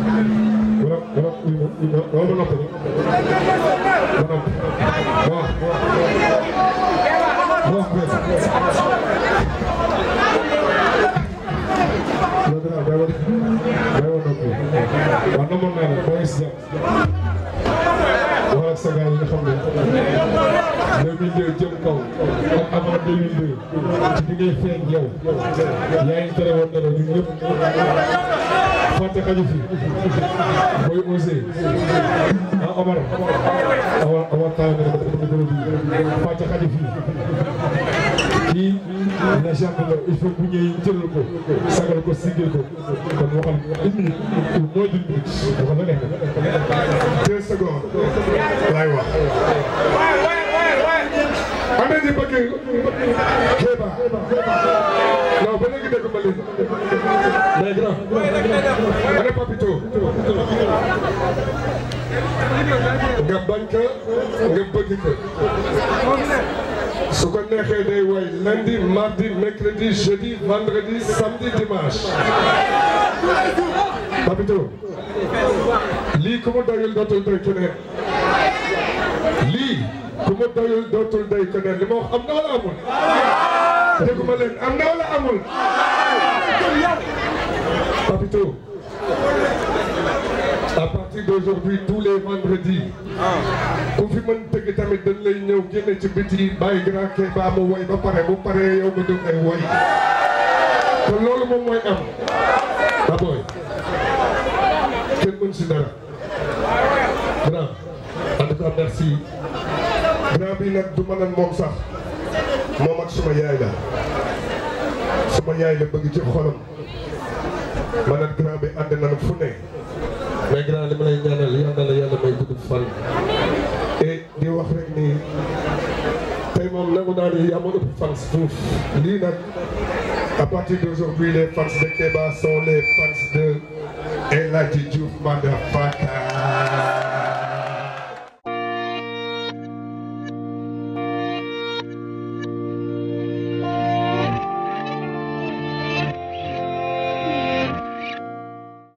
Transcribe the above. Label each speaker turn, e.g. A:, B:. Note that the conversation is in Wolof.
A: loolu nopp bi ba nopp ba wax ba wax ba loolu daal day war day war nopp waaw namoon naa la booy si wala sa gars yi nga xam ne 2002 jëm kaw ak avant 2002 ci bi ngay feeñ yow yaa ngi tere woon dara ñun ñëpp fàtte xaju fi booy osé ah Omar Omar Omar taw na dafa fàtte xaju fi kii la gendarme il faut bu ñëwee ko sagal ko sigil ko kon waxal une minute ou moins d'une minute dafa la nekk may wax man dañuy bëgg Kéba yow ba léegi dégg ma lii mais grand ma ne Papito nga bañ ka nga bëgg ka su ko neexee day way lundi mardi mercredi jeudi vendredi samedi dimanche Papito lii ku mu doyul dootul doy keneen lii ku ma doyul dootul doy keneen li ma wax am na wala amul. déggu ma leen am na wala amul. Papito à partir d'aujourd'hui tous les vendredis ah. ku fi mën tëgg tamit dañ lay ñëw génne ci biti bàyyi grand Kéba mu woy ba pare bu paree yow nga jóg ay woy te loolu moom mooy am. ba booy kenn mën si dara. si nag du mën a moom sax moom ak suma yaay la suma yaay la bëgg ci xolam man ak grand bi ànd nañu fu ne mais na la yàlla may gudd fan et di wax rek ni tey moom nangu naa yaa ma ëpp fans fuuf lii nag à partir d'aujourd'hui les fans de Kéba sont les fans de El Hadji Diouf Manda Fata